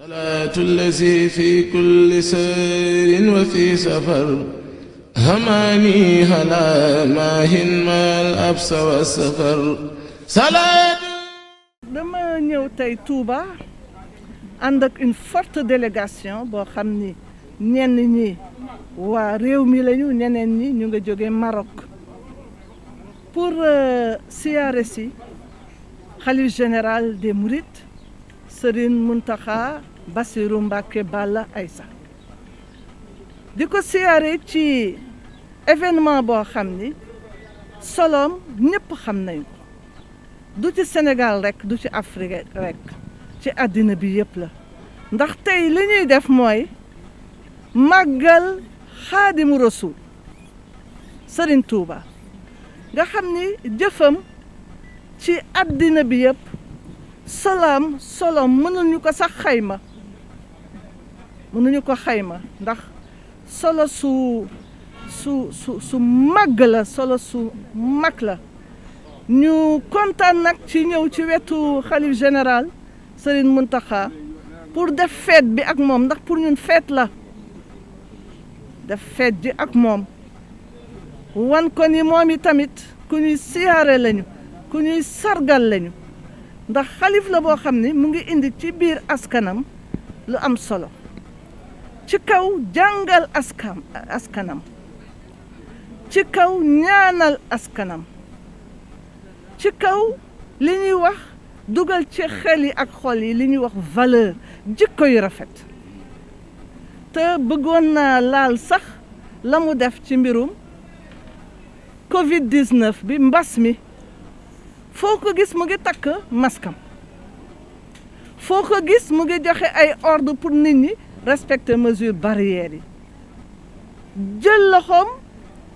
salaatu allazi fi kulli sayrin wa fi safar hamaani halaa maahin maal wa safar salaatu dama ñëw tey Touba ànd ak une forte délégation boo xam ni ñenn ñi waa réew mi lañu ñeneen ñi ñu nga jóge Maroc pour euh, siyaare si xalif général des Mourides Serigne Mountakha Bassirou Mbacké ay Aïssa di ko siyaare ci événement boo xam ni solom ñëpp xam nañ ko du ci Sénégal rekk du ci Afrique rekk ci àddina bi yëpp la ndax tey li ñuy def mooy màggal xaadimu rasul Serigne Touba nga xam ni jëfam ci addina bi yëpp salaam solom mënuñu ko sax xayma mënuñu ko xayma ndax solo su su su su màgg la solo su mag la ñu kontaan nag ci ñëw ci wetu xalif général Serigne Mountakha pour def fête bi ak moom ndax pour ñun fête la def fête ji ak moom wan ko ni moom i tamit ku ñuy siyaare lañu ku ñuy sargal lañu ndax xalif la boo xam ni mu ngi indi ci biir askanam lu am solo ci kaw jàngal askan askanam ci kaw ñaanal askanam ci kaw li ñuy wax dugal ci xel yi ak xol yi li ñuy wax valeur jikko yu rafet te bëggoon naa laal sax la mu def ci mbirum Covid 19 bi mbas mi foo ko gis mu ngi takk masque foo ko gis mu ngi joxe ay ordre pour nit ñi respecter mesures barrières yi jël loxoom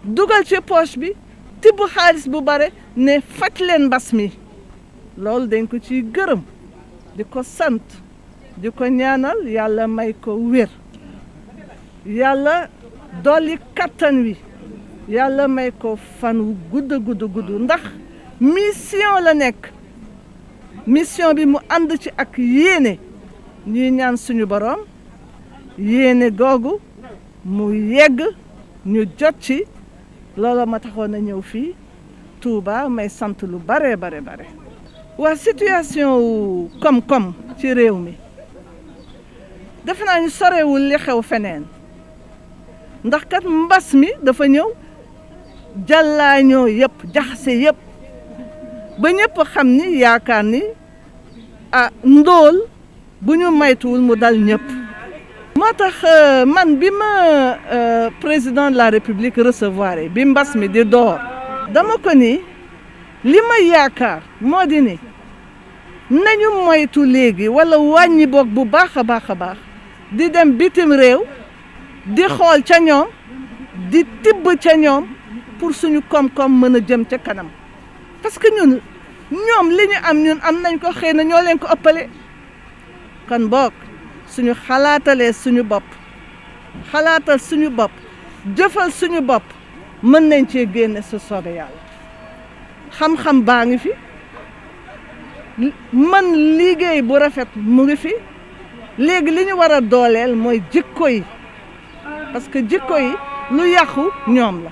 dugal ci poche bi tibb xaalis bu bare ne faj leen mbas mi loolu dañ ko ciy gërëm di ko sant di ko ñaanal yàlla may ko wér yàlla dolli kattan wi yàlla may ko fan wu gudd gudd gudd ndax mission la nekk mission bi mu ànd ci ak yéene ñu ñaan suñu boroom yéene googu mu yegg ñu jot ci loola ma taxoon a ñëw fii Touba may sant lu bare bare bare waa situation wu koom-koom ci réew mi defe naa ñu sorewul li xew feneen ndax kat mbas mi dafa ñëw jàllaa ñoo yëpp jaxase yëpp ba ñëpp xam ni yaakaar ni ah ndóol bu ñu maytuwul mu dal ñëpp moo tax euh, man bi ma euh, président de la république resevoir bi mbas mi di door dama ko ni li ma yaakaar moo di ni nañu moytu léegi wala wàññi boog bu baax a baax a baax di dem bitim réew di xool ca ñoom di tibb ca ñoom pour suñu koom-koom mën a jëm ca kanam parce que ñun ñoom li ñu am ñun am nañ ko xëy na ñoo leen ko ëppale kon boog suñu xalaatalee suñu bopp xalaatal suñu bopp jëfal suñu bopp mën nañ cee génne su soobee yàlla xam-xam baa ngi fi mën liggéey bu rafet mu ngi fi léegi li ñu war a dooleel mooy jikko yi parce que jikko yi lu yàqu ñoom la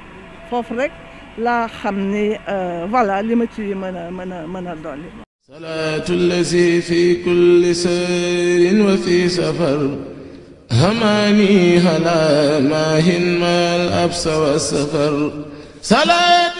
foofu rek laa xam ni euh, voilà li ma ci mën a mën a mën a dolli salaatu allazi fi kulli sayrin wa fi safar hamaani hala maahin maal absa wa safar